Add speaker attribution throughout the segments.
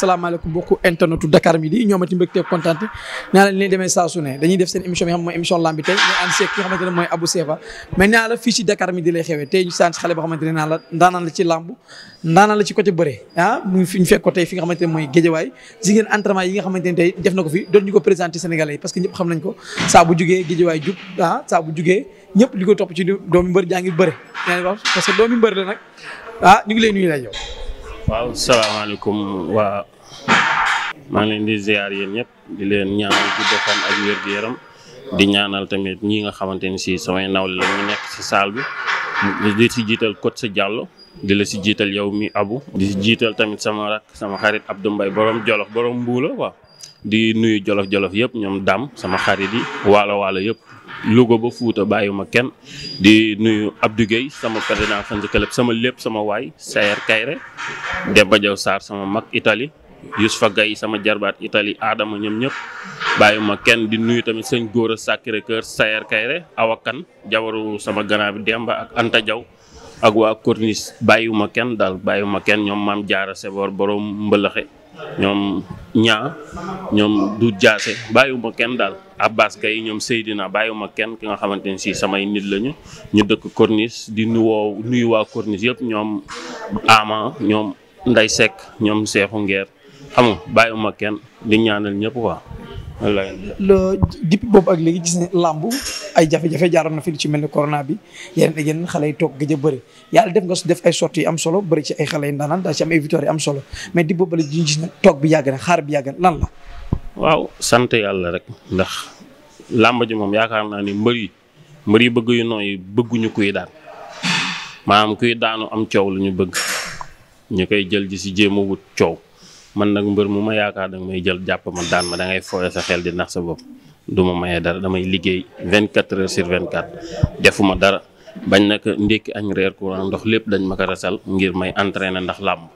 Speaker 1: salaamaaleykum mbokku internetu Dakar Midi ñoomati mbégte kontaan naa la leen demee saa su ne dañuy def seen émission bi xam mooy émission lamb tey ne mooy Abou Seva mais naa la fii ci ñu ne naa la ci lamb ndaanaan la ci côté bëre ah, mu fekk ko tey fi nga xamante ne mooy géejawaay si ngeen entraînement yi nga xamante ne tey def na ko fi doon ñu ko présenté Sénégalais parce que ñëpp xam nañ ko saa bu jugee géejawaay jub ah saa bu jugee ñëpp ko topp ci doomi mbër jaa ngi bëre parce que doomi mbër la nag ah ñu ngi lay nuyu lay
Speaker 2: waaw salaamaaleykum waa maa ngi leen di ziar yéen ñëpp di leen ñaanal ci defan ak wér gu yaram di ñaanal tamit ñi nga xamante ni si samay nawle la ñu nekk si saal bi di si jiital sa jàll di la si jiital yow mi abu di si jiital tamit sama rak sama xarit Abdou Mbaye borom Jolof borom Mbuula waaw di nuyu jolof-jolof yëpp ñoom dam sama xarit yi waalo waalo yëpp Louga ba Fuuta bàyyiwuma kenn di nuyu Abdou Guèye sama président fan club sama lépp sama waay Sayer Kayre Demba Diaw Sarr sama mag Italie Youssoufa Gaye sama jarbaat itali aadama ñoom ñëpp bàyyiwuma kenn di nuyu tamit sëñ Góora Sacré-Cœur Sayer Kayre awakan jabaru sama gannaaw bi demb ak Anta Diaw ak waa korniis bàyyiwuma kenn daal bàyyiwuma kenn ñoom maam jaara Sebor borom mbëlëxe ñoom ñaa ñoom du jaase bàyyiwuma kenn daal abbas yi ñoom Seydina bàyyiwuma kenn ki nga xamante ne si samay nit lañu ñu dëkk corniche di nuwoo nuyu waa corniche yëpp ñoom ama ñoom nday Seck ñoom seexu ngeer xam nga bàyyiwuma kenn di ñaanal ñëpp quoi
Speaker 1: depuis boobu ak léegi gis ne làmb ay jafe-jafe jaaroon na fi lu ci mel ni corona bi yeneen ak yeneen xale yi toog gëj a yàlla def nga def ay sorties yu am solo bëri ci ay xale yu ndaanaan daal ci am ay am solo mais di boobu la ñu toog bi yàgg na xaar bi yàgg
Speaker 2: waaw sant yàlla rek ndax làmb ji moom yaakaar naa ni mbër yi mbër yi bëgg yu nooy bëgguñu kuy daan maanaam kuy daanu am coow la ñu bëgg ñu koy jël ji si jéem wut coow. man nag mbër mu ma yaakaar danga may jël jàpp ma daan ma da ngay fooye sa xel di ndax sa bopp du ma mayee dara damay liggéey 24 heures sur 24 defuma dara bañ nag ndékki añ reer courant ndox lépp dañ ma ko resal ngir may na ndax làmb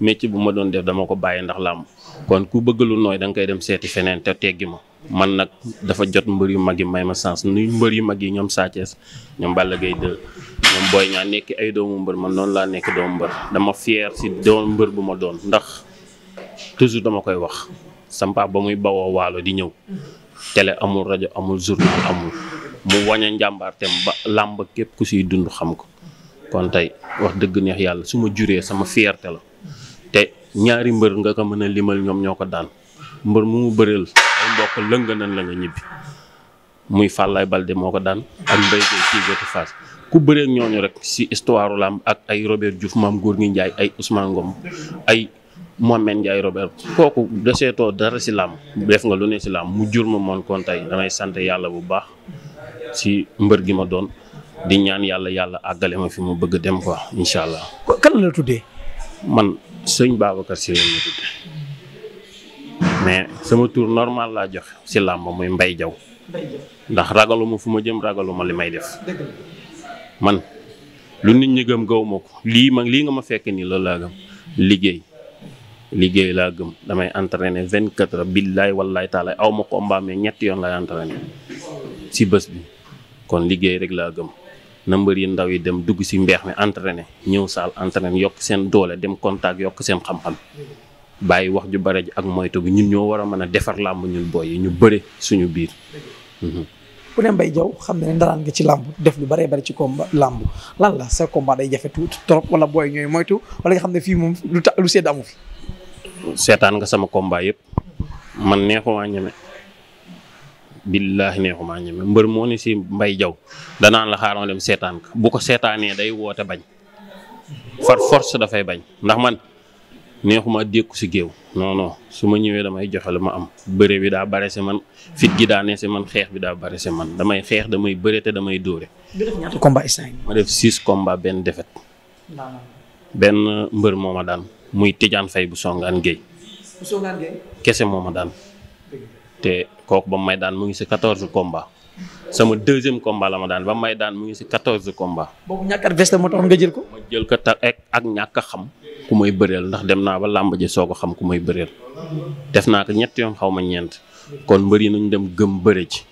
Speaker 2: métier bu ma doon def dama ko bàyyi ndax làmb kon ku bëgg lu nooy danga koy dem seeti feneen te teggi ma man nag dafa jot mbër yu mag yi may ma sens nuy mbër yu mag yi ñoom Sa Thiès ñoom Balla Gaye 2 ñoom Boy Niang nekk ay doomu mbër man noonu laa nekk doomu mbër dama fier ci doomu mbër bu ma doon ndax toujours dama koy wax sampa ba muy bawoo waalo di ñëw télé amul rajo amul journal amul mu waña njàmbaarteem ba làmb képp ku siy dund xam ko kon tey wax dëgg neex yàlla su ma juree sama fierté la te ñaari mbër nga ko mën a limal ñoom ñoo ko daan mbër mu mu bëreel ay mbokk lëng la nga ñibbi muy Fallaye Balde moo ko daan ak Mbaye Gueye ci wetu Fass ku bëreeg ñooñu rek si histoire làmb ak ay Robert Diouf maam góor ngi Njaay ay Ousmane Ngom ay Mohamed Ndiaye Robert kooku deseetoo dara si làmb def nga lu ne si làmb mu jur ma moon kon tey damay sant yàlla bu baax si mbër gi ma doon di ñaan yàlla yàlla àggale ma fi mu bëgg dem quoi incha allah. kan la tuddee. man sëñ Babacar ma sama tur normal laa joxe si làmb muy Mbay Jaw ndax ragaluma fu ma jëm ragaluma li may def. man lu nit ñi gëm gaw ko lii ma lii nga ma fekk nii loolu laa liggéey. liggéey laa gëm damay entraîné vingt quatre heures billaay wallaay taalaay aw ma combat mais ñetti yoon lay entraîné si bës bi kon liggéey rek laa gëm na mbër yi ndaw yi dem dugg si mbeex mi entraîné ñëw saal entraîné yokk seen doole dem contact yokk seen xam-xam bàyyi wax ju bare ji ak moytu bi ñun ñoo war a mën a defar làmb ñun yi ñu bëre suñu biir. Mhm.
Speaker 1: ku ne Mbaye Diaw xam ne ndaraan nga ci làmb def lu baree bari ci combat làmb lan la sa combat day jafe tuuti trop wala booy ñooy moytu wala nga xam ne fii moom lu ta fi.
Speaker 2: seetaan nga sama combat yépp man neexumaa ñeme billaahi neexumaa ñeme mbër moo ni si mbay jaw danaan la xaaral ma dem seetaan ko bu ko seetaanee day woote bañ far force dafay bañ ndax man neexuma dékku si géew non su ma ñëwee damay joxe la ma am bëre bi daa bare si man fit gi daa ne si man xeex bi daa bare si man damay xeex damay bëre te damay dóore. ma def six combat benn defet benn mbër moo ma daan. muy Tidiane Faye bu songaan Gueye. kese moo ma daan. te kooku ba mu may daan mu ngi si quatorze komba sama deuxième combat la ma daan ba may daan mu ngi si quatorze combat.
Speaker 1: boobu ñàkk a veste moo tax nga jël ko.
Speaker 2: ma jël ko ta ak ñàkk xam ku may bëreel ndax dem naa ba làmb ji soo ko xam ku may bëreel def naa ko ñett yoon xaw ma ñeent kon mbëri nañu dem gëm bëre ci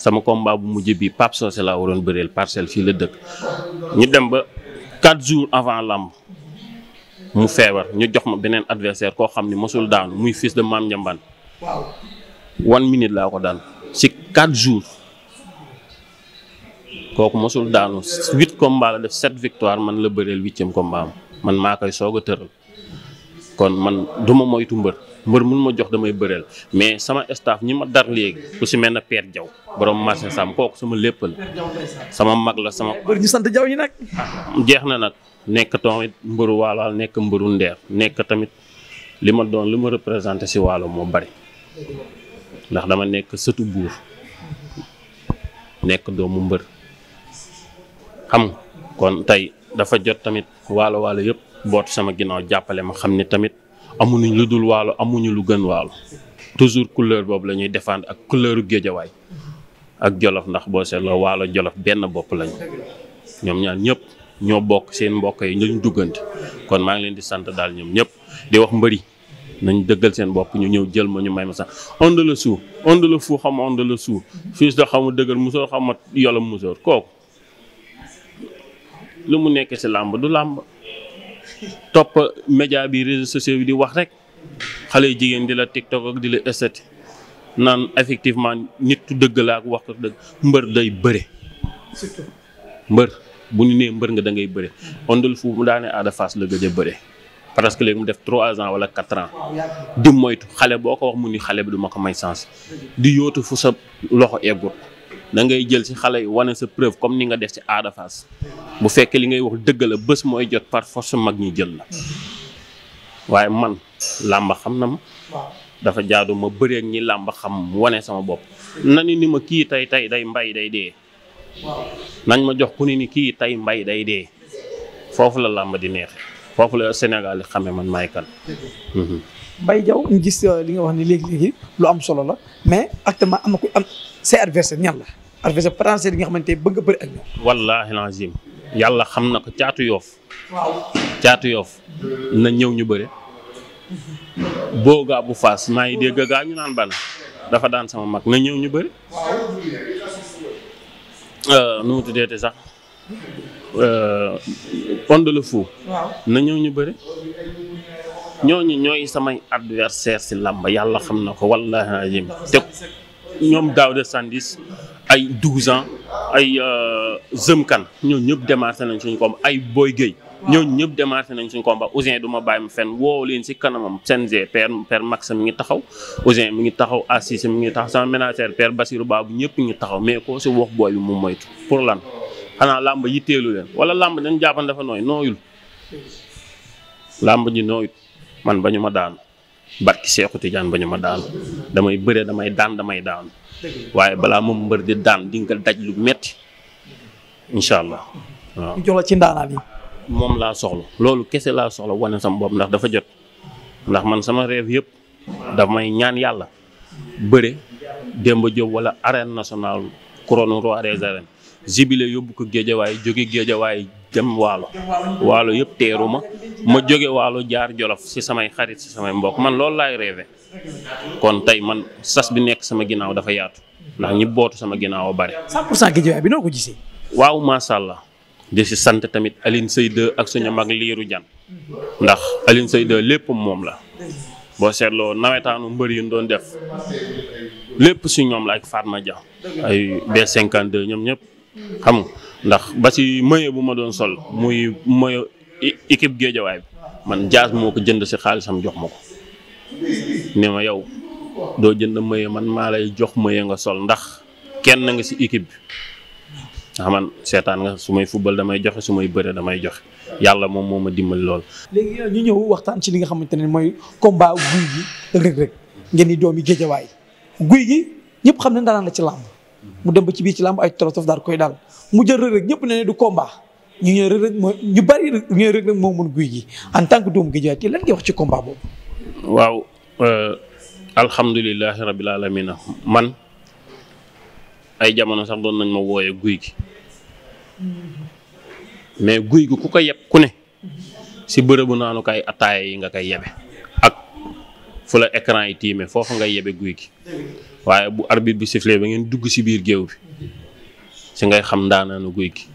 Speaker 2: sama komba bu mujj bi Pape Socé laa waroon bëreel parcelle fii la dëkk ñu dem ba quatre jours avant làmb mu feebar ñu jox ma beneen adversaire koo xam ne mosul daanu muy fils de Mame Ndiambane waaw one minute laa ko daan ci quatre jours kooku mosul daanu huit combats la def sept victoire man la bëreel huitième combat am man maa koy soog a tëral kon man du ma moytu mbër mun ma jox damay bëreel mais sama staff ñi ma dar léegi ku si mel ne Père jaw borom marché sam sama lépp
Speaker 1: mag la sama. mbër ñu sant Diaw ñi nag.
Speaker 2: jeex na nag. nekk tamit mbëru waalo nekk mbëru ndeer nekk tamit li ma doon li ma représenté si waalo moo bari ndax dama nekk sëtu buur nekk doomu mbër xam kon tey dafa jot tamit waalo waalo yëpp boot sama ginnaaw jàppale ma xam ni tamit amuñu lu dul waalo amuñu lu gën waalo toujours couleur boobu lañuy ñuy ak couleuru géejawaay ak jolof ndax boo seetloo waalo jolof benn bopp lañu ñoom ñaar ñëpp ñoo bokk seen mbokk yi ñu duggante kon maa ngi leen di sant daal ñoom ñëpp di wax mbëri nañ dëggal seen bopp ñu ñëw jël ma ñu may ma sax onde la suuf onde la fu xam onde la suuf fiis da xamu dëgër musóor kooku lu mu nekk ci làmb du làmb topp média bi réseaux sociaux bi di wax rek xale jigéen di la tiktok ak di la estati naan effectivement nit dëgg la ak wax ko dëgg mbër day bëre mbër bu ñu nee mbër nga da ngay bëre Onde le mu daanee Ada Fass la gëj a bëre parce que léegi mu def trois ans wala quatre ans di moytu xale boo ko wax mu ni xale bi du ma ko may sens di yóotu fu sa loxo eggut da ngay jël si xale yi wane sa preuve comme ni nga def si Ada Fass bu fekkee li ngay wax dëgg la bés mooy jot par force mag ñi jël la waaye man làmba xam na ma dafa jaadu ma bëreeg ñi làmba xam wane sama bopp nani ni ma kii tey tey day mbay day dee nañ ma jox ku ne ni kii tey mbay day dee foofu la làmb di neexe foofu la Sénégal xame man maay kan. Mhm.
Speaker 1: mbay Diaw euh, li nga wax ni léegi lu am solo la mais actuellement am na ku am say adversaire ñan la adversaire potentiel yi nga xamante ne bëgg nga bëri ak ñoom.
Speaker 2: wallaahi lazim yàlla xam na ko caatu yoof. caatu yoof. na ñëw ñu bëre. boo gaa bu faas maa ngi dégg gaa ñu naan bana dafa daan sama mag na ñëw ñu bëri. Euh, nu mu tuddee te sax euh, onde le fou. waaw na ñëw ñu bëri. ñooñu ñooy samay adversaire si làmb yàlla xam na ko wallaahi azim te ñoom daaw de sandis ay 12 ans ay euh, Zemkan ñoo ñëpp démarré nañ suñu koom ay Boy Guèye. ñooñu ñëpp démarré nañ suñu combat Ouzin du ma bàyyi ma fenn woo leen si kanamam CNG père père Max mi ngi taxaw Ouzin mi ngi taxaw Assis mi ngi taxaw sama ménagère père Basirou Babou ñëpp ngi taxaw mais ko si wax booy bi mu moytu pour lan xanaa làmb yitteelu leen wala làmb dañ jàppan dafa nooy nooyul làmb ji nooyut man ba ñu ma daanu barki Seexu ba ñu ma daan damay bëre damay daan damay daanu waaye balaa moom mbër di daan di nga daj lu metti incha moom laa soxla loolu kese laa soxla wane sama bopp ndax dafa jot ndax man sama rêve yëpp daf may ñaan yàlla bëre Demba Diop wala arène nationale couronne roi des arènes yóbbu ko géejawaay jóge géejawaay dem waalo waalo yëpp teeru ma ma jóge waalo jaar jolof si samay xarit si samay mbokk man loolu laay rêvé kon tey man sas bi nekk sama ginnaaw dafa yaatu ndax ñi bootu sama ginnaaw a bare waaw macha allah di si sant tamit Aline Seyde ak suñu mag liiru jan ndax Aline Seyde lépp moom la boo seetloo nawetaanu mbër yi doon def lépp si ñoom la ak Fatma Dia ay B52 ñoom ñëpp xam nga ndax ba si maye bu ma doon sol muy maye équipe géejawaay man jaas moo ko jënd si xaalisam jox ma ko ne ma yow doo jënd maye man maa lay jox maye nga sol ndax kenn nga si equipe bi ndax man seetaan nga su may football damay joxe su may bëre damay joxe yàlla moom moom ma dimbali lool. léegi
Speaker 1: ñu ñëw waxtaan ci li nga xamante ne mooy combat guy gi rëg-rëg ngeen guy gi ñëpp xam ne ndaanaan la ci làmb mu dem ba ci biir ci làmb ay torotof daal koy daal mu jël rëg-rëg ñëpp ne ne du combat ñu ñëw rëg-rëg mooy ñu bari ñu rëg-rëg moo mën guy gi en tant doomu géejawaay te lan wax ci combat boobu.
Speaker 2: waaw euh, alhamdulilahi rabil alamina man ay jamono sax doon nañ ma wooye guy gi. mais guy gu ku ko yeb ku ne si bërëbu naanukaay ataaya yi nga koy yebe ak fu la écran yi tiime foofu ngay yebe guy gi waaye bu arbitre bi sifflé ba ngeen dugg si biir géew bi si ngay xam ndaanaanu guy gi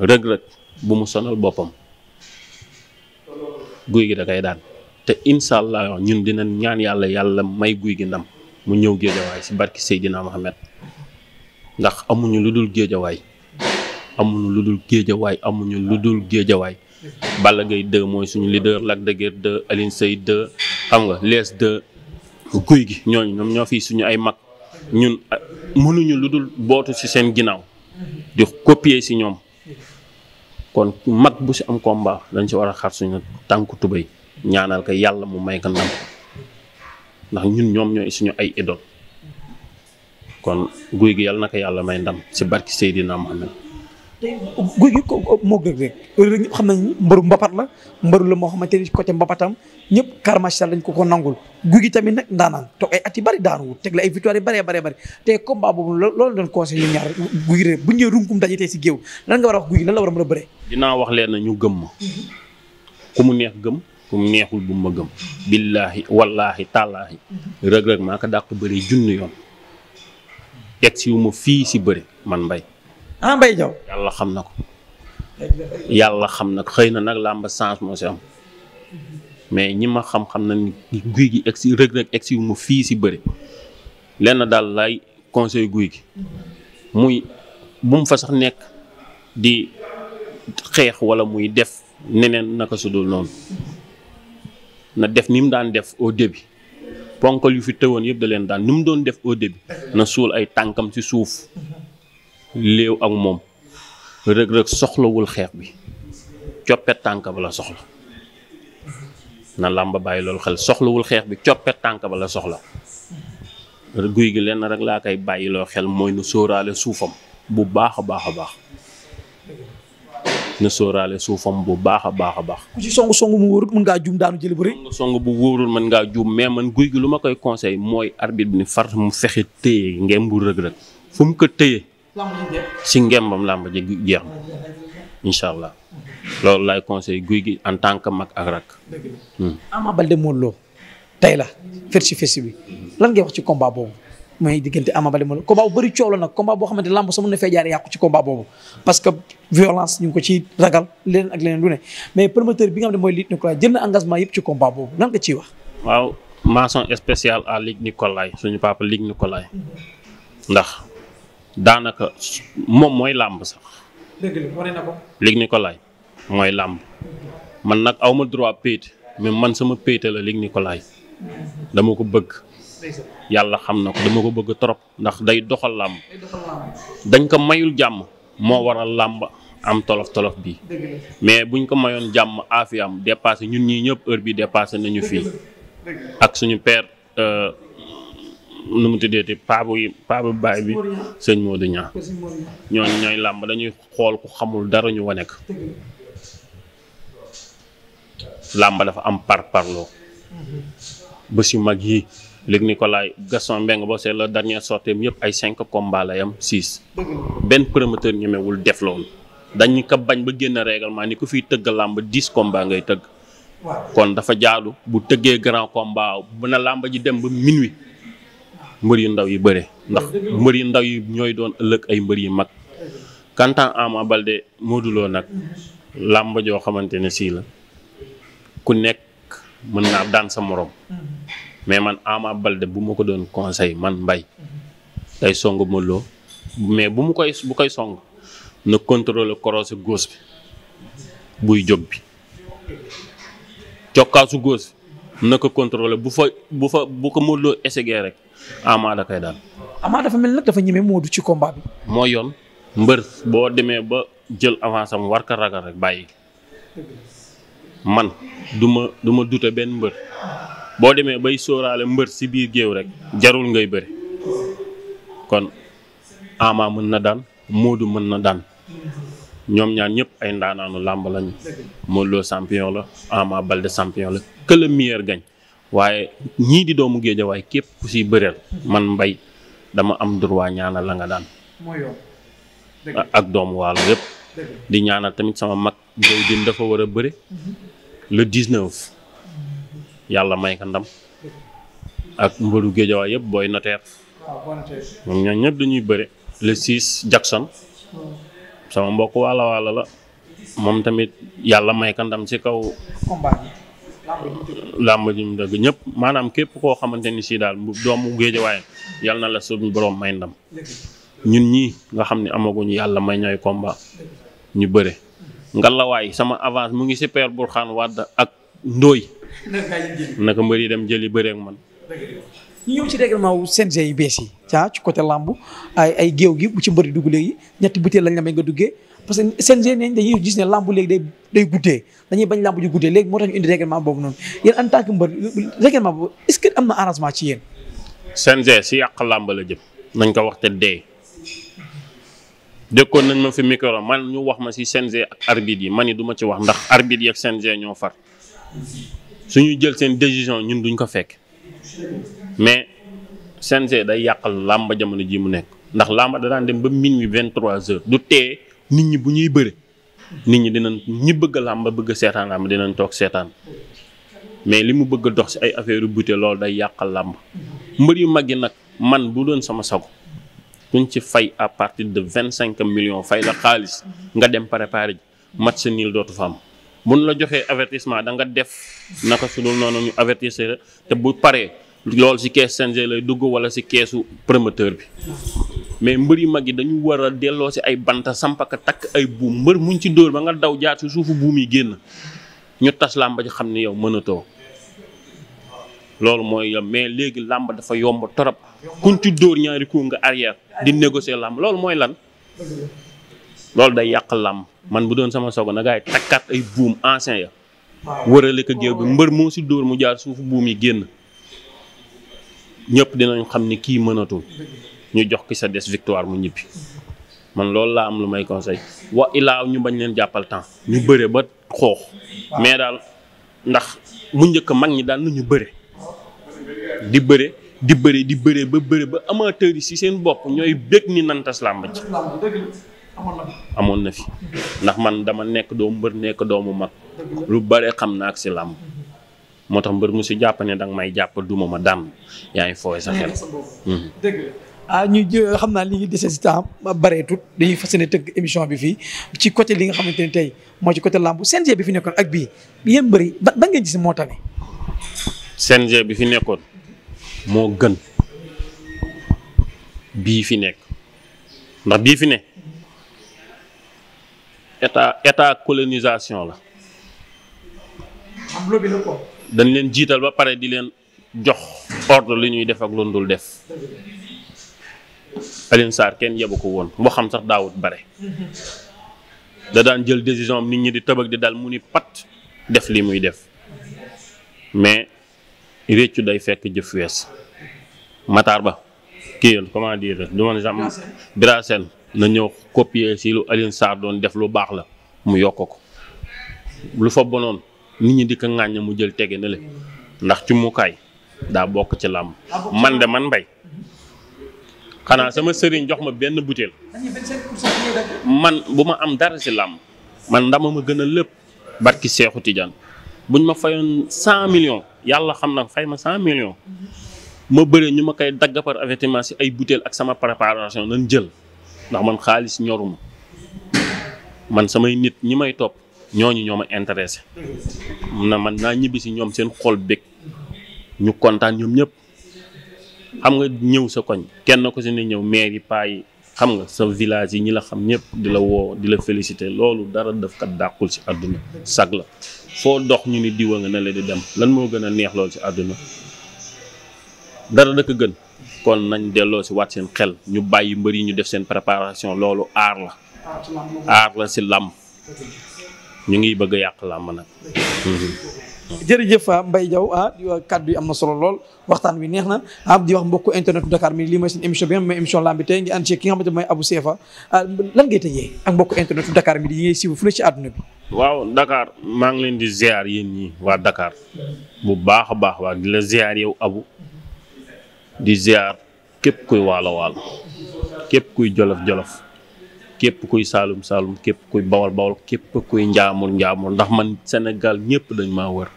Speaker 2: rëg-rëg bu mu sonal boppam guy gi da kay daan te incha ñun dina ñaan yàlla yàlla may guy gi ndam mu ñëw géejawaay si barki Seydina Mohamed ndax amuñu lu dul géejawaay amuñu lu dul géejawaay amuñu lu dul géejawaay Balla Gaye 2 mooy suñu leader Lac de Guiers 2 Alioune xam nga lees 2 guy gi ñooñu ñoom ñoo fi suñu ay mag ñun ah, mënuñu lu dul bootu ci seen ginnaaw di copier si ñoom kon mag bu ci am combat dañ ci war a xar suñu tànku tubéy ñaanal ko yàlla mu may ko ndax ñun ñoom ñoo suñu ay idole kon guy gi yàlla na yàlla may ndam ci barki Seydina Muhammad
Speaker 1: guy gi moo rëg rëg ñëpp xam nañ mbaru mbapat la mbaru la moo xamante ni côté mbapatam ñëpp karmasa lañ ko ko nangul guy gi tamit nag ndaanaan toog ay at yi bëri daanuwul teg la ay victoire yi bëree bëree te combat boobu loolu doon conseil ñu ñaar guy gi rek bu ñëwee runkum daje tey si géew lan nga war a wax guy gi lan la war a mën a bëree
Speaker 2: dinaa wax leen na ñu gëm ma ku mu neex gëm ku mu neexul bu ma gëm billaahi wallaahi tàllaahi rëg-rëg maa fii si bëri man mbay ah Mbaye Diaw. yàlla xam na ko. yàlla xam na ko xëy na nag làmb chance moo si am. mais ñi ma xam-xam na ni guy gi egg si rëg rëg egg si mu fii si bëri lenn daal lay conseil guy gi muy bu mu fa sax nekk di xeex wala muy def neneen naka su dul noonu na def ni mu daan def au début ponkal yu fi tëwoon yëpp da leen daan ni mu doon def au début na suul ay tànkam si suuf léew ak moom rëg-rëg soxlawul xeex bi coppet tànk ba la soxla na làmba bàyyi loolu xel soxlawul xeex bi coppet tànk ba la soxla guy gi lenn rek laa koy bàyyiloo xel mooy nu sóoraale suufam bu baax a baax a baax na sóoraale suufam bu baax a baax a baax.
Speaker 1: ku ci song song mu wóorul mën ngaa juum
Speaker 2: song bu wóorul mën ngaa juum mais man guy gi lu ma koy conseil mooy arbitre bi ni far mu fexe téye ngeen bu rëg-rëg fu ko téye si ngembam làmba ji jeex na incha allah loolu laay conseil guy gi en tant que mag ak rak. Hmm.
Speaker 1: Ama Baldé Modou Lô tey la fërsi fërsi bi lan ngay wax ci combat boobu mooy diggante Ama Baldé Modou Lô combat bu bëri coow la nag combat boo xamante làmb sa mën na fee jaar yàqu ci combat boobu parce que violence ñu ngi ko ci ragal leen ak leneen lu ne mais promoteur bi nga xam ne mooy Luc Nicolaï jël na engagement yëpp ci combat boobu lan nga ciy wax.
Speaker 2: waaw mention spéciale à Luc Nicolaï suñu papa Luc Nicolaï mm-hmm. ndax. daanaka moom mooy làmb sax.
Speaker 1: dëgg la ko.
Speaker 2: Luc mooy làmb man nag awma droit péete mais man sama péete la Luc Nicolaï dama ko bëgg. yàlla xam na ko dama ko bëgg trop ndax day doxal làmb. dañ ko mayul jàmm moo waral làmb am tolof tolof bi mais buñ ko mayoon jàmm aafiyaam dépassé ñun ñii ñëpp heure bi dépassé nañu fii ak suñu père. Euh, nu mu tuddeeti paabu yi paabu baay bi sëñ Modou Niang ñooñu ñooy làmb dañuy xool ku xamul dara ñu wane ko làmb dafa am par parloo mhm. ba si mag yi léegi ni ko laay Gaston Mbengue boo seet la yëpp ay cinq combats la benn promoteur ñemewul def loolu dañu ko bañ ba génn règlement ni ku fi tëgg làmb dix combats ngay tëgg kon dafa jaadu bu tëggee grand combat bu na làmb ji dem ba minuit mbër yu ndaw yi bëre ndax mbër yu ndaw yi ñooy doon ëllëg ay mbër yu mag kantaan Ama Baldé Modou Lo nag làmb joo xamante ne sii la ku nekk mën naa daan sa morom mais man Ama Baldé bu ma ko doon conseil man mbay day song Modou mais bu mu koy bu koy song na contrôler croisé gauche bi buy jóg bi cokkaasu gauche na ko contrôler bu fa bu fa bu ko Modou Lo rek Ama da koy daal
Speaker 1: Ama dafa mel nag dafa ñeme Modou ci combat bi.
Speaker 2: moo yoon mbër boo demee ba jël avance am war ko ragal rek bàyyi man duma du ma dute benn mbër boo demee bay sooraale mbër si biir géew rek jarul ngay bëri kon Ama mën na daan Modou mën na daan. ñoom ñaan ñëpp ay ndaanaanu làmb lañu Modou Lo champion la Ama Baldé champion la que le meilleur waaye ñii di doomu géejawaay képp ku si bëreel man mbay dama am droit ñaana la nga daan ak doomu waalo yépp di ñaana tamit sama mag jow din dafa war a bëre mhm. le 19 yàlla may ka ak mbëru géejawaay yëpp booy notaire ñoom ñëpp dañuy bëre le 6 Jackson mhm. sama mbokk waala waalo la moom tamit yàlla may ka ndam ci kaw làmb ji mu dëgg ñëpp maanaam képp koo xamante ni si daal doomu géejawaay yal na la suñu boroom may ndam ñun ñii nga xam ne amaguñu yàlla may ñooy combat ñu bëre. ngalawaay sama avance mu ngi si Père Bourkhane Wade ak Ndoye. naka mbër yi dem jëli bëreek man.
Speaker 1: ñu ñëw ci règlement wu CNG yu bees yi. ci côté làmb ay ay géew gi bu ci mbëri dugg léegi ñetti butéel lañ la may nga duggee. parce que seen yéen dañuy gis ne lamb léegi day day guddee dañuy bañ lamb ji guddee léegi moo tax ñu indi règlement boobu noonu yéen en tant que mbër ma boobu est-ce am na arrangement ci yéen.
Speaker 2: CNG si yàq làmb la jëm nañ ko wax te dee dëkkoon nañ ma fi micro man ñu wax ma si CNG ak arbitre yi man ni duma ma ci wax ndax arbitre yi ak CNG ñoo far suñu jël seen décision ñun duñ ko fekk mais CNG day yàqal làmba jamono jii mu nekk ndax làmb da daan dem ba minuit 23 heures du tee. nit ñi bu ñuy bëre nit ñi dinañ ñi bëgg a làmb bëgg seetaan làmb dinañ toog seetaan mais li mu bëgg a dox si ay affaire buté loolu day yàqal làmb mbër yu mag yi nag man bu doon sama sago duñ ci fay à partir de vingt cinq million fay la xaalis nga dem préparer ji match niil dootu fa am buñ la joxee avertissement da nga def naka su noonu ñu avertissé te bu paree loolu si kees CNG lay dugg wala si keesu promoteur bi mais mbër yu mag yi dañu war a delloo si ay banta sampaka takk ay buum mbër muñ ci dóor ba nga daw jaar suufu buum yi génn ñu tas làmba ji xam ne yow mënatoo loolu mooy mais léegi làmb dafa yomb torop kuñ ci ñaari ko nga arrière di négocier làmb loolu mooy lan loolu day yàq làmb man bu doon sama sogo na gaay takkaat ay buum ancien ya wërale ko géew bi mbër moo si dóor mu jaar suufu buum yi génn ñëpp dinañ xam ni kii mënatul ñu jox ki sa des victoire mu ñibbi man loolu laa am lu may conseil wa ilaa ñu bañ leen jàppal temps ñu bëre ba xoox mais daal ndax mu njëkk mag ñi daal nañu bëre di bëre di bëre di bëre ba bëre ba amateurs yi si seen bopp ñooy bég ni nantas làmb ci amoon na fi ndax man dama nekk doom mbër nekk doomu mag lu bare xam naa ak si làmb moo tax mbër mu si jàpp ne danga may jàpp duma ma dàmm yaa ngi fooy sa xel. Mhm.
Speaker 1: dëgg ah ñu jë xam naa li ñu dese si temps bareetut dañuy fas yéene tëgg émission bi fii ci côté li nga xamante ne tey moo ci côté làmb CNG bi fi nekkoon ak bii yéen mbëri ba ba ngeen gis moo tane.
Speaker 2: CNG bi fi nekkoon moo gën bii fi nekk ndax bii fi ne état état colonisation la. dañ leen jiital ba pare di leen jox ordre li ñuy def ak loolu dul def Alioune Sarr kenn yebu ko woon waxam sax daawut bare da daan jël décision am nit ñi di tëbëg di dal mu ni pat def li muy def mais réccu day fekk jëf wees Matar Ba kii yoon comment dire du ma ne sax Bira na ñëw copier si lu Alioune Sarr doon def lu baax la mu yokk ko lu fa bonoon nit ñi di ko ŋàññ mu jël tege na le ndax ci mukaay daa bokk ci làmb man de man mbay xanaa sama sëriñ jox ma benn butéel man bu ma am dara si làmb man ndax ma gën a lépp barki Seexu Tijaan buñ ma fayoon cent million yàlla xam na fay ma cent million ma bëre ñu ma koy dagg par avertissement si ay butéel ak sama préparation nan jël ndax man xaalis ñoruma man samay nit ñi may topp ñooñu ñoo ma intéressé na man naa ñibbi si ñoom seen xool bég ñu kontaan ñoom ñëpp xam nga ñëw sa koñ kenn ko seen ne ñëw maire yi paa yi xam nga sa village yi ñi la xam ñëpp di la woo di la félicité loolu dara daf kat dàqul si àdduna sag la foo dox ñu ni diwa nga na la di dem lan moo gën a neex loolu si àdduna dara da ko gën kon nañ delloo si waat seen xel ñu bàyyi mbër yi ñu def seen préparation loolu aar la aar la si làmp ñu ngi bëgg a yàq làmb nag. Mhm. jërëjëf ah,
Speaker 1: Mbaye Diaw ah kaddu yi am na solo lool waxtaan wi neex na ah di wax mbokku internet Dakar mi lii mooy seen émission bi nga émission lamb tey ngi ànd ci ki nga xamante ne mooy Abou Sefa ah, lan ak mbokku internet Dakar mi di ngay siiw fu ne ci àdduna bi.
Speaker 2: waaw Dakar maa ngi leen di ziar yéen ñi waa dakaar bu baax a baax waa di la ziar yow Abou di ziar képp kuy waalo waalo képp kuy jolof jolof. képp kuy saalum saalum képp kuy bawal bawal képp kuy njaamur njaamul ndax man Sénégal ñëpp dañ ma wër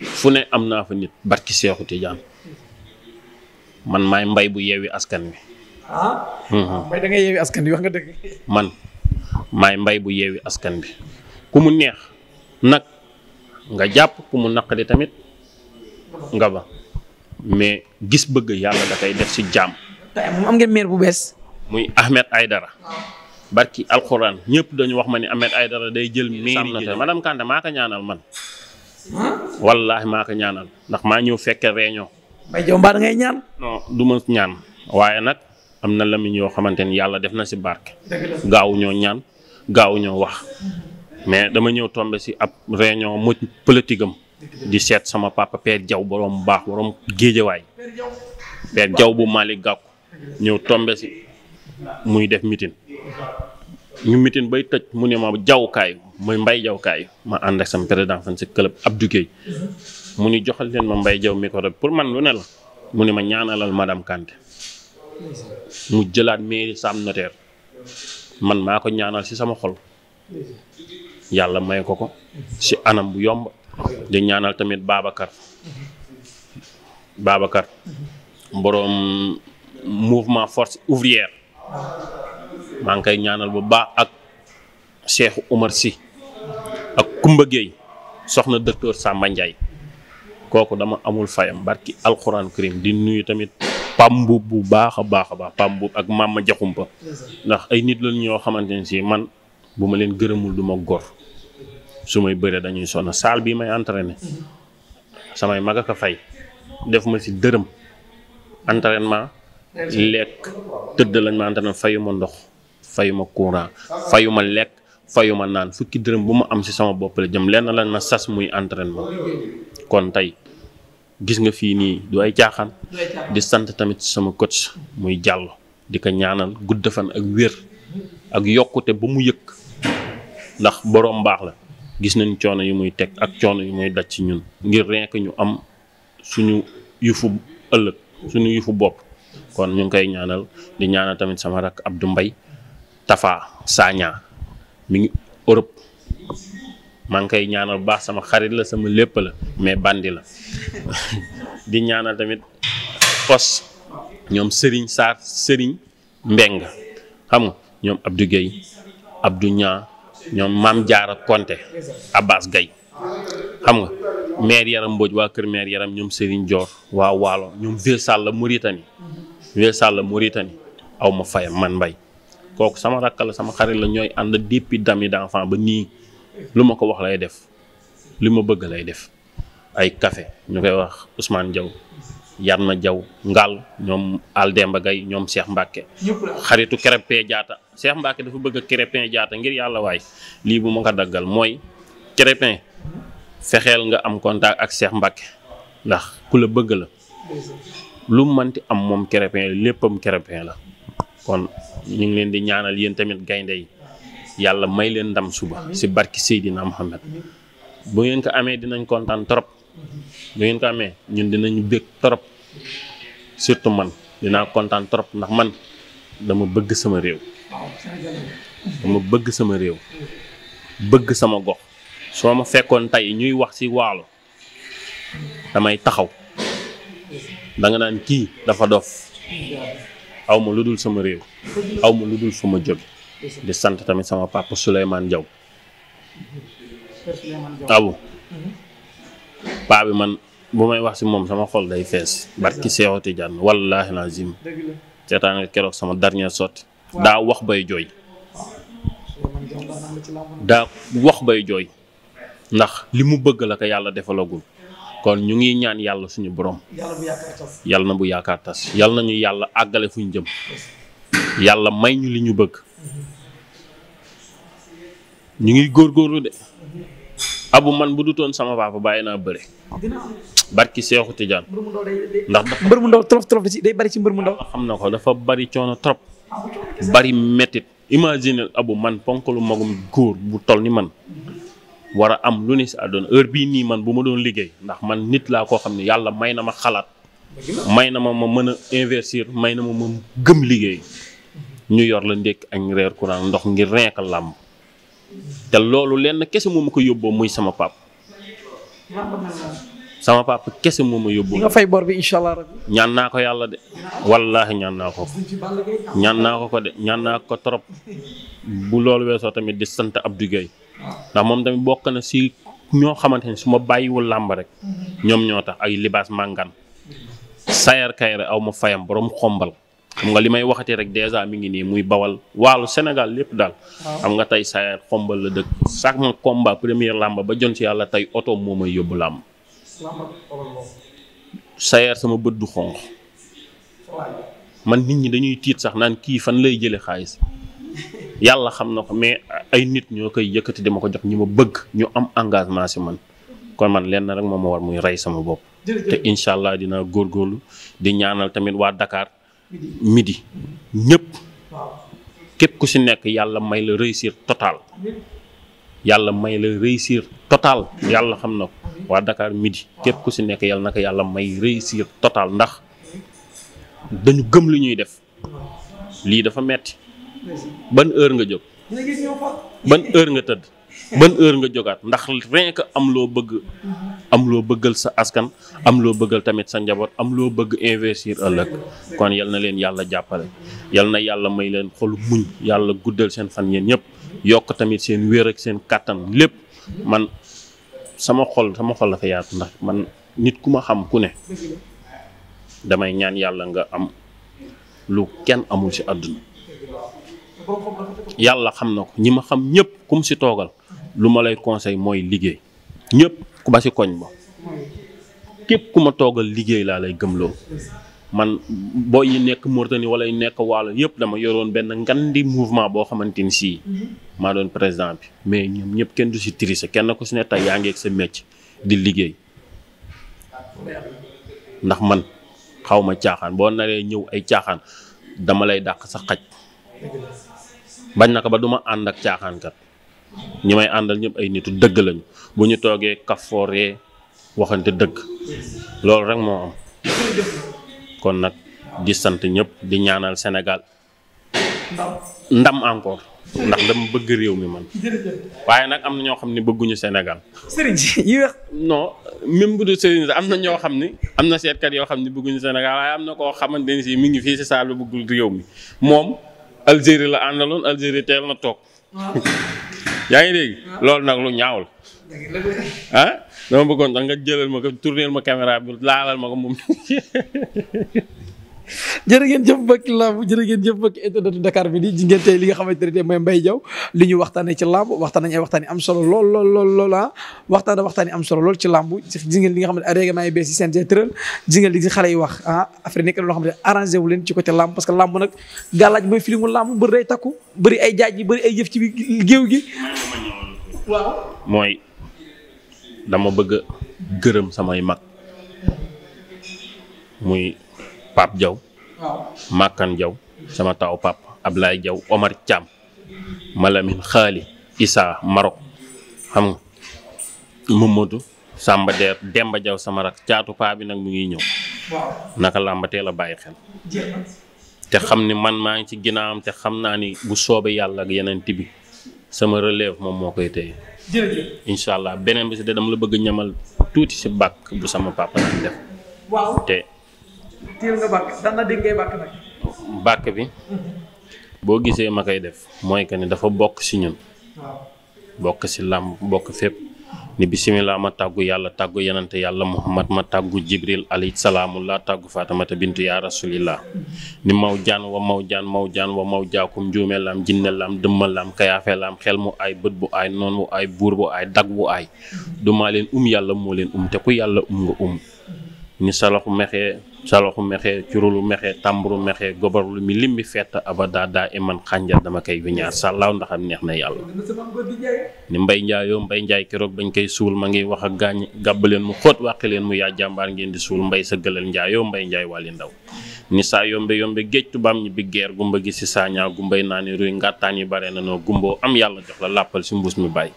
Speaker 2: fu ne am naa fa nit barki Seexu Tijaan man maay mbay bu yeewi askan wi. ah. Mhm.
Speaker 1: mbay da wax nga dëgg.
Speaker 2: man maay mbay bu yeewi askan bi ku mu neex nag nga jàpp ku mu naqadi tamit nga ba mais gis bëgg yàlla da koy def ci jaam. am ngeen maire bu bees. muy Ahmed Aïdara. Ah. barki alxuraan ñëpp dañu wax ma ni ay dara day jël. mairie jël madame Kanda maa ko ñaanal man. wallaahi maa ko ñaanal ndax maa ñëw fekke réunion. Mbaye Diop Mbar ngay ñaan. non ñaan waaye nag am na lamiñ yoo xamante ni yàlla def na si barke. gaawu ñoo ñaan gaawu ñoo wax. mais dama ñëw tombe si ab réunion mu politique di seet sama papa Père Diaw borom baax borom géejewaay. Père Diaw bu mali Gakou ñëw tombe si muy def meeting. ñu mitin bay tëj mu ne ma jawkaay mooy mbay jawkaay ma ànd ak sama président fan si club Abdou Guèye mu ni joxal leen ma mbay jaw micro bi pour man lu ne la mu ne ma ñaanalal madame Kanté mu jëlaat mairie Sam Notaire man maa ko ñaanal si sama xol yàlla may ko ko si anam bu yomb di ñaanal tamit Babacar Babacar boroom mouvement force ouvrière maa ngi koy ñaanal bu baax ak Cheikh Oumar Sy ak Kumba Gueye soxna docteur Samba Ndiaye kooku dama amul fayam barki alxuraan karim di nuyu tamit pambu bu baax a baax a baax pambu ak Mama Jaxumpa ndax ay nit la ñoo xamante ne si man bu ma leen gërëmul du ma gor su may bëree dañuy sonn saal bii may entraîné samay mag ak a fay def ma si dërëm entraînement lekk tëdd lañ ma entraîné fayu ma ndox fayuma courant fayuma lekk fayuma naan fukki dërëm bu ma am si sama bopp la jëm lenn lan na sas muy entraînement kon tey gis nga fii nii du ay caaxaan di sant tamit sama coach muy jàll di ko ñaanal gudd fan ak wér ak yokkute ba mu yëg ndax boroom baax la gis nañ coono yi muy teg ak coono yu muy daj ci ñun ngir rekk ñu am suñu yufu ëllëg suñu yufu bopp kon ñu ngi koy ñaanal di ñaanal tamit sama rak Abdou Mbaye Tafa Sagna mi ngi Europe maa ngi koy ñaanal baax sama xarit la sama lépp la mais bandi la di ñaanal tamit pos ñoom Serigne Sarr sëriñ Mbeng xam nga ñoom Abdou Guèye ñoom Maam Jaara Konte Abbas Guèye xam nga maire yaram Mbodj waa kër maire yaram ñoom Serigne Dior waa Waalo ñoom Ville Sall Mauritanie Ville Sall Mauritanie aw ma fayam man mbay kooku sama rakk la sama xarit la ñooy ànd depuis dami d'enfant ba nii lu ma ko wax lay def li ma bëgg lay def ay kafe ñu koy wax usmaan jaw Diaw Yarna Diaw Ngal ñoom Aldemba Gaye ñoom Cheikh Mbacke xaritu Krépin jaata Cheikh Mbacke dafa bëgg Krépin jaata ngir yàlla waay lii bu ma ko daggal mooy Krépin fexeel nga am contact ak Cheikh Mbacke ndax ku la bëgg la lu mënti am moom Krépin léppam Krépin la kon ñu ngi leen di ñaanal yéen tamit gaynde yi yàlla may leen ndam suba si barki Seydina Muhammad bu ngeen ko amee dinañ kontaan trop bu ngeen ko amee ñun dinañu bëgg trop surtout man dinaa kontaan trop ndax man dama bëgg sama réew dama bëgg sama réew bëgg sama gox soo ma fekkoon tey ñuy wax ci waalo damay taxaw danga naan kii dafa dof aw ma lu dul sama réew aw ma lu dul fu ma jóge di sant tamit sama papa Souleymane Diaw abu paa bi man bu may wax si moom sama xol day fees barki Seexu Tijaan wallaahi lazim seetaan nga keroog sama dernière sot daa wax bay jooy daa wax bay jooy ndax li mu bëgg la ko yàlla defalagul kon ñu ngi ñaan yàlla suñu boroom yàlla na bu yaakaar tas yàlla na ñu yàlla àggale fuñ jëm. yàlla may ñu li ñu bëgg. ñu ngi góorgóorlu de. abu man bu du dutoon sama papa bàyyi naa bëre. barki Seexu Tijaan. ndax dafa mbër mu ndaw trop trop bari ci mbër mu xam na ko dafa bari coono trop. bari mettit imagine abu man ponk lu magum góor bu toll ni man. war a am lu ne si àdduna heure bii nii man bu ma doon liggéey ndax man nit laa koo xam ne yàlla may na ma xalaat may na ma ma mën a investir may na ma ma gëm liggéey ñu yor la ndékk ak reer courant ndox ngir rek làmb te loolu lenn kese moo ma ko yóbboo muy sama pap sama papa kese moo ma yóbbu. nga fay
Speaker 1: bor bi incha allah
Speaker 2: ñaan naa ko yàlla de. wallaahi ñaan naa ko. ñaan naa ko ko de ñaan naa ko trop. bu loolu weesoo tamit di sant Abdou Gueye ndax moom tamit bokk na si ñoo xamante ni su ma bàyyiwul làmb rek ñoom ñoo tax ay libaas màngan sayar kayre aw ma fayam boroom xombal xam nga li may waxatee rek dèjà mi ngi nii muy bawal waalu senegal lépp daal. xam nga tey sayar xombal la dëkk. sax ma combat première làmb ba jon ci yàlla tey oto moo may yóbbu làmb. sayar sama bët du xonq man nit ñi dañuy tiit sax naan kii fan lay jëlee xaalis. yàlla xam na ko mais ay nit ñoo koy yëkkati dama ko jox ñi ma bëgg ñu am engagement si man kon man lenn rek moom ma war muy rey sama bopp te incha allah dina góorlu di ñaanal tamit waa dakaar midi ñëpp képp ku si nekk yàlla may la réussir total yàlla may la réussir total yàlla xam na ko waa Dakar midi képp ku si nekk yàlla naka yàlla may réussir total ndax dañu gëm li ñuy def lii dafa metti ban heure nga jóg ban heure nga tëdd ban heure nga jógaat ndax rien que am loo bëgg am loo bëggal sa askan am loo bëggal tamit sa njaboot am loo bëgg investir ëllëg kon yal na leen yàlla jàppale yal na yàlla may leen xol muñ yàlla guddal seen fan yéen ñëpp yokk tamit seen wéer ak seen kàttan lépp man sama xol sama xol dafa yaatu ndax man nit ku ma xam ku ne damay ñaan yàlla nga am lu kenn amul ci àdduna yàlla xam na ko ñi ma xam ñëpp kum si toogal lu ma lay conseil mooy liggéey ñëpp ku ba si koñ ba képp ku ma toogal liggéey laa lay gëmloo man boo yi nekk Mauritanie wala yi nekk Waalo yëpp dama yoroon benn ngan di mouvement boo xamante ni sii maa doon président bi mais ñoom ñëpp kenn du si tricher kenn ku si ne tey yaa ngi ak sa métier di liggéey ndax man xawma caaxaan boo naree ñëw ay caaxaan dama lay dàq sa xaj bañ na ko ba duma ànd ak caaxaankat ñi may àndal ñëpp ay nitu dëgg lañu bu ñu toogee kafooree waxante dëgg loolu rek moo am kon nag di sant ñëpp di ñaanal Sénégal ndam encore ndax dama bëgg réew mi man waaye nag am na ñoo xam ne bëgguñu Sénégal. sëriñ si yi wax non même bu dul sëriñ am na ñoo xam ne am na seetkat yoo xam ne bëgguñu Sénégal waaye am na koo xamante ne si mi ngi fii si saal bi bëggul réew mi moom. Algérie la àndaloon Algérie teel na toog yaa ngi dégg loolu nag lu ñaaw la ah dama bëggoon da jëlal ma ko tourneel ma caméra bi laalal ma ko moom
Speaker 1: jërë ngeen jëf mbokki làmb jërë ngeen jëf mbokki internetu Dakar bi di ji li nga xamante ne tey mooy Mbaye Diaw li ñu waxtaanee ci làmb waxtaan nañ ay waxtaan yi am solo lool lool lool lool ah waxtaan am solo lool ci làmb ji ngeen li nga xam ne règlement yi bees yi seen tëral ji ngeen li si xale yi wax ah affaire nekk na loo xam ne arrangé wu leen ci côté làmb parce que làmb nag gàllaaj mooy filimu làmb bëri day takku bëri ay jaaj yi bëri ay jëf ci géew gi waaw
Speaker 2: mooy dama bëgg gërëm samay mag muy Pape Diaw Makan Diaw sama taw Pape Ablaye Diaw Omar Thiam Malamine Xaali Issa Marok xam nga Mamadou Samba Demba Diaw sama rak caatu paa bi nag mu ngi ñëw naka làmbatee la bàyyi xel te xam ni man maa ngi ci ginnaawam te xam naa ni bu soobee yàlla ak yeneen bi sama relève moom moo koy téye jërëjëf incha allah beneen bi si de dama la bëgg ñamal tuuti si bàkk bu sama papa daan def téel bàkk bi boo gisee ma koy def mooy que ni dafa bokk ci ñun. bokk ci lam bokk fépp. ni bisimilah ma tàggu yàlla tàggu yenante yàlla muhammad ma tàggu jibril alayhi salaamullah tàggu fatamata bintu yaa rasulillah ni maw jaan wa maw jaan maw jaan wa maw jaakum laam jinne laam dëmma laam kayaafe laam xel mu aay bët bu aay noon bu aay buur bu aay dag bu aay du maa leen um yàlla moo leen um te ku yàlla um nga um ni salaxu mexe salaxu mexe curulu mexe tamburu mexe gobarulu mi limbi fett abada daa e iman xànjar dama koy wiñaar sàllaaw ndax neex na yàlla ni mbay njaayoo mbay njaay keroog bañ koy suul ma ngi wax ak gaañ gàbb leen mu xóot wàqi leen mu yaa jàmbaar ngeen di suul mbay gëlal njaayoo mbay njaay wàlli ndaw ni saa yombe yombe géej tubaam ñi bi geer gumba gi si saañaa gumbay naa ni ruy ngàttaan yi bare na noo gumboo am yàlla jox la làppal si mbuus mi bàyyi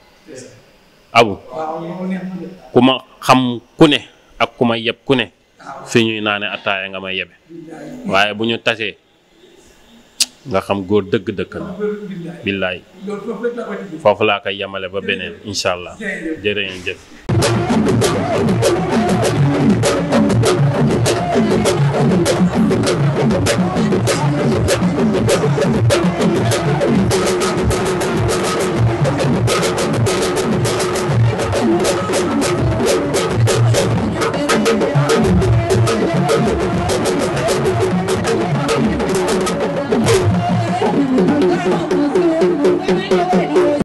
Speaker 2: ak ku ma yeb ku ne fi ñuy naane attaaya nga may yebe waaye bu ñu tasee nga xam góor dëgg-dëgg la billaay foofu laa yemale ba beneen incha allah
Speaker 1: jërë